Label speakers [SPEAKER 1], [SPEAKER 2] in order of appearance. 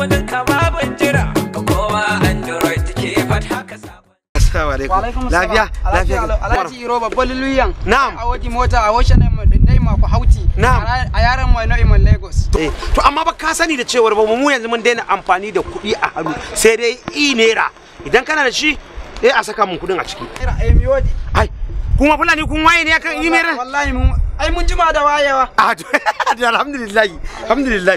[SPEAKER 1] gudun ka babin jira ga kowa android ke fat haka sabon assalamu alaikum
[SPEAKER 2] lafiya
[SPEAKER 3] lafiya alhaji
[SPEAKER 4] iro babban na'am a waje mota a washe ne ma ku hauti na'am a yaran mai nau'in lagos
[SPEAKER 2] eh. to amma ba ka sani da cewar ba mu yanzu mun daina amfani da kuɗi a hannu sai dai i naira idan kana da shi eh a saka mun kuɗin a ciki
[SPEAKER 3] eh, ai kuma fulani kun waye ne akan i naira wallahi mun ai mun jima da wayewa alhamdulillah alhamdulillah